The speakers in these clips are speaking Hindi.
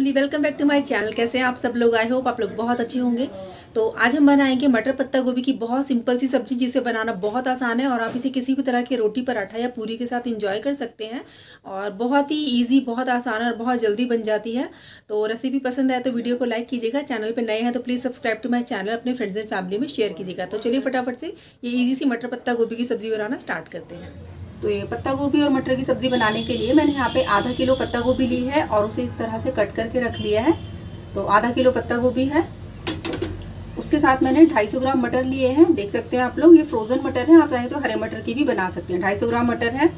family welcome back to my channel कैसे हैं आप सब लोग आए होप आप लोग बहुत अच्छे होंगे तो आज हम बनाएंगे मटर पत्ता गोभी की बहुत सिंपल सी सब्जी जिसे बनाना बहुत आसान है और आप इसे किसी भी तरह के रोटी पराठा या पूरी के साथ इंजॉय कर सकते हैं और बहुत ही ईजी बहुत आसान और बहुत जल्दी बन जाती है तो रेसिपी पसंद आए तो वीडियो को लाइक कीजिएगा चैनल पर नए हैं तो please subscribe to my channel अपने फ्रेंड्स एंड फैमिली में शेयर कीजिएगा तो चलिए फटाफट से ये ईजी सी मटर पत्ता गोभी की सब्जी बनाना स्टार्ट करते हैं तो ये पत्ता गोभी और मटर की सब्ज़ी बनाने के लिए मैंने यहाँ पे आधा किलो पत्ता गोभी ली है और उसे इस तरह से कट करके रख लिया है तो आधा किलो पत्ता गोभी है उसके साथ मैंने 250 ग्राम मटर लिए हैं देख सकते हैं आप लोग ये फ्रोज़न मटर है आप चाहे तो हरे मटर की भी बना सकते हैं ढाई ग्राम मटर है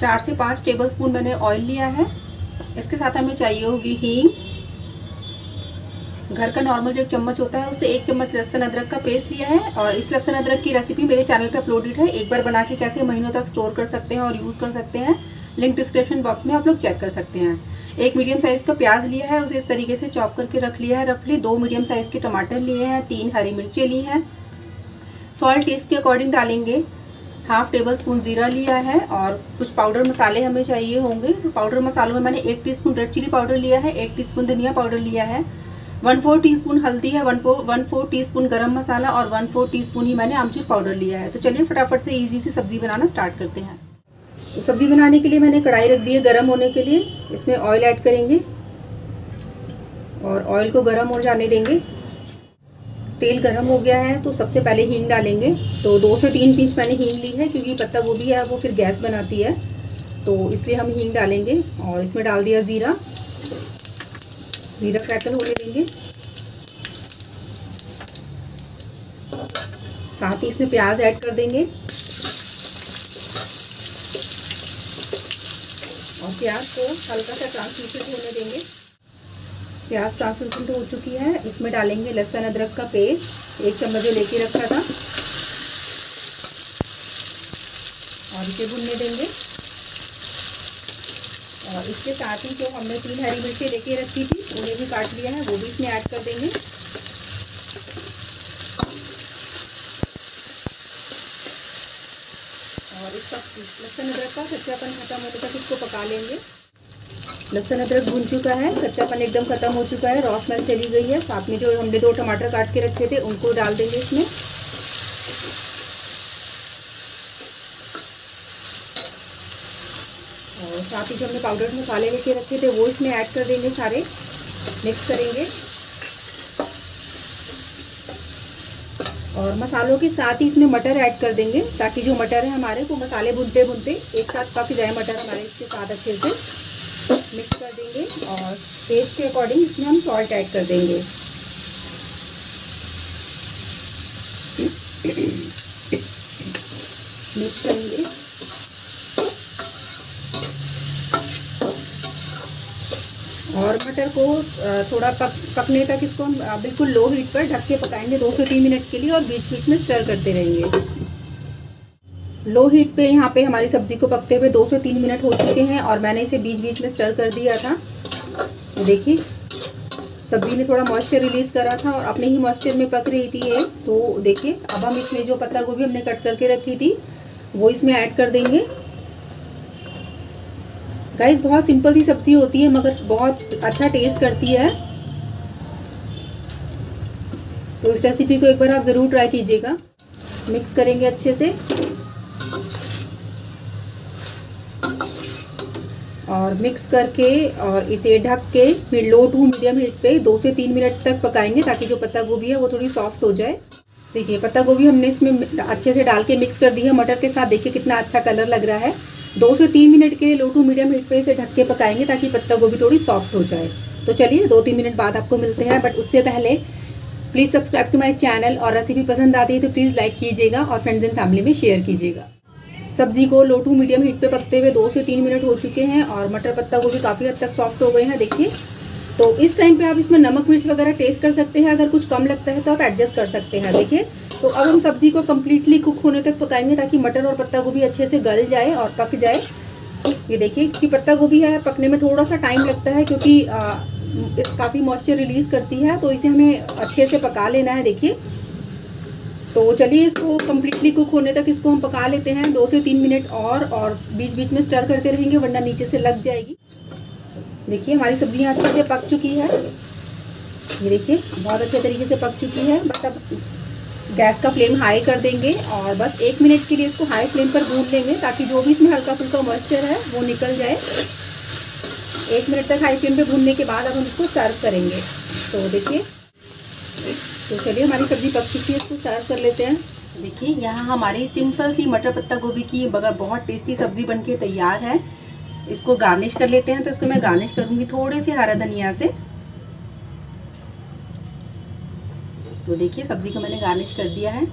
चार से पाँच टेबल स्पून मैंने ऑयल लिया है इसके साथ हमें चाहिए होगी हींग घर का नॉर्मल जो चम्मच होता है उससे एक चम्मच लहसन अदरक का पेस्ट लिया है और इस लहसन अदरक की रेसिपी मेरे चैनल पे अपलोडेड है एक बार बना के कैसे महीनों तक स्टोर कर सकते हैं और यूज़ कर सकते हैं लिंक डिस्क्रिप्शन बॉक्स में आप लोग चेक कर सकते हैं एक मीडियम साइज़ का प्याज लिया है उसे इस तरीके से चॉप करके रख लिया है रफली दो मीडियम साइज़ के टमाटर लिए हैं तीन हरी मिर्चें ली हैं सॉल्ट टेस्ट के अकॉर्डिंग डालेंगे हाफ टेबल स्पून ज़ीरा लिया है और कुछ पाउडर मसाले हमें चाहिए होंगे तो पाउडर मसालों में मैंने एक टीस्पून रेड चिली पाउडर लिया है एक टीस्पून धनिया पाउडर लिया है वन फोर टी हल्दी है one fourth one fourth t गर्म मसाला और वन फोर टी ही मैंने आमचूर पाउडर लिया है तो चलिए फटाफट से ईजी से सब्ज़ी बनाना स्टार्ट करते हैं तो सब्ज़ी बनाने के लिए मैंने कढ़ाई रख दी है गर्म होने के लिए इसमें ऑयल ऐड करेंगे और ऑयल को गर्म हो जाने देंगे तेल गर्म हो गया है तो सबसे पहले हींग डालेंगे तो दो से तीन पीस मैंने हींग ली है क्योंकि पत्ता गोभी है वो फिर गैस बनाती है तो इसलिए हम हींग डालेंगे और इसमें डाल दिया ज़ीरा जीरा क्रैकल होने देंगे साथ ही इसमें प्याज ऐड कर देंगे और प्याज को हल्का सा ट्रांसमिशन होने देंगे प्याज ट्रांसलूसेंट हो चुकी है इसमें डालेंगे लहसुन अदरक का पेस्ट एक चम्मच जो लेके रखा था और इसे भुनने देंगे और इसके साथ ही जो हमने तीन हरी मिर्ची लेके रखी थी उन्हें भी काट लिया है वो भी इसमें ऐड कर देंगे और इसका लहसुन अदरक का कच्चापन खत्म होने तक इसको पका लेंगे लहसुन अदरक भून चुका है कच्चापन एकदम खत्म हो चुका है रॉस मेल चली गई है साथ में जो हमने दो टमाटर काट के रखे थे उनको डाल देंगे इसमें साथ ही जो हमने पाउडर मसाले लेके रखे थे वो इसमें ऐड कर देंगे सारे मिक्स करेंगे और मसालों के साथ ही इसमें मटर ऐड कर देंगे ताकि जो मटर है हमारे वो मसाले भुनते भुनते एक साथ पक जाए मटर हमारे इसके साथ अच्छे से मिक्स कर देंगे और टेस्ट के अकॉर्डिंग इसमें हम सॉल्ट ऐड कर देंगे मिक्स करने टमाटर को थोड़ा पक पकने तक इसको हम बिल्कुल लो हीट पर ढक के पकाएंगे दो से तीन मिनट के लिए और बीच बीच में स्टर करते रहेंगे लो हीट पे यहाँ पे हमारी सब्ज़ी को पकते हुए दो से तीन मिनट हो चुके हैं और मैंने इसे बीच बीच में स्टर कर दिया था देखिए सब्ज़ी ने थोड़ा मॉइस्चर रिलीज़ करा था और अपने ही मॉइस्चर में पक रही थी ये तो देखिए अब हम इसमें जो पत्ता गोभी हमने कट करके रखी थी वो इसमें ऐड कर देंगे गाइस बहुत सिंपल सी सब्ज़ी होती है मगर बहुत अच्छा टेस्ट करती है तो इस रेसिपी को एक बार आप ज़रूर ट्राई कीजिएगा मिक्स करेंगे अच्छे से और मिक्स करके और इसे ढक के फिर लो टू मीडियम हीट पे दो से तीन मिनट तक पकाएंगे ताकि जो पत्ता गोभी है वो थोड़ी सॉफ्ट हो जाए देखिए पत्ता गोभी हमने इसमें अच्छे से डाल के मिक्स कर दी है मटर के साथ देखिए कितना अच्छा कलर लग रहा है दो से तीन मिनट के लिए लो टू मीडियम हीट पे इसे ढक के पकाएंगे ताकि पत्ता गोभी थोड़ी सॉफ्ट हो जाए तो चलिए दो तीन मिनट बाद आपको मिलते हैं बट उससे पहले please subscribe to my channel और रेसिपी पसंद आती है तो प्लीज़ लाइक कीजिएगा और फ्रेंड्स एंड फैमिली में शेयर कीजिएगा सब्जी को लो टू मीडियम हीट पे पकते हुए दो से तीन मिनट हो चुके हैं और मटर पत्ता गोभी काफ़ी हद तक सॉफ्ट हो गए हैं देखिए तो इस टाइम पे आप इसमें नमक मिर्च वगैरह टेस्ट कर सकते हैं अगर कुछ कम लगता है तो आप एडजस्ट कर सकते हैं देखिए तो अब हम सब्ज़ी को कम्प्लीटली कुक होने तक पकाएंगे ताकि मटर और पत्ता गोभी अच्छे से गल जाए और पक जाए ये देखिए कि पत्ता गोभी है पकने में थोड़ा सा टाइम लगता है क्योंकि काफ़ी मॉइस्चर रिलीज़ करती है तो इसे हमें अच्छे से पका लेना है देखिए तो चलिए इसको कम्प्लीटली कुक होने तक इसको हम पका लेते हैं दो से तीन मिनट और और बीच बीच में स्टर करते रहेंगे वरना नीचे से लग जाएगी देखिए हमारी सब्जियां अच्छे से पक चुकी है ये देखिए बहुत अच्छे तरीके से पक चुकी है बस अब गैस का फ्लेम हाई कर देंगे और बस एक मिनट के लिए इसको हाई फ्लेम पर भून लेंगे ताकि जो भी इसमें हल्का फुल्का मॉइस्चर है वो निकल जाए एक मिनट तक हाई फ्लेम पे भूनने के बाद अब हम इसको सर्व करेंगे तो देखिए तो चलिए हमारी सब्ज़ी पक चुकी है इसको सर्व कर लेते हैं देखिए यहाँ हमारी सिंपल सी मटर पत्ता गोभी की बगैर बहुत टेस्टी सब्ज़ी बन तैयार है इसको गार्निश कर लेते हैं तो इसको मैं गार्निश करूँगी थोड़े से हरा धनिया से तो देखिए सब्ज़ी को मैंने गार्निश कर दिया है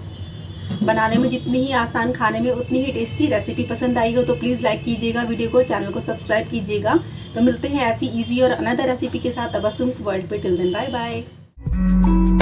बनाने में जितनी ही आसान खाने में उतनी ही टेस्टी रेसिपी पसंद आई हो तो प्लीज़ लाइक कीजिएगा वीडियो को चैनल को सब्सक्राइब कीजिएगा तो मिलते हैं ऐसी इजी और अनदर रेसिपी के साथ तबसुम्स वर्ल्ड पे टिल देन बाय बाय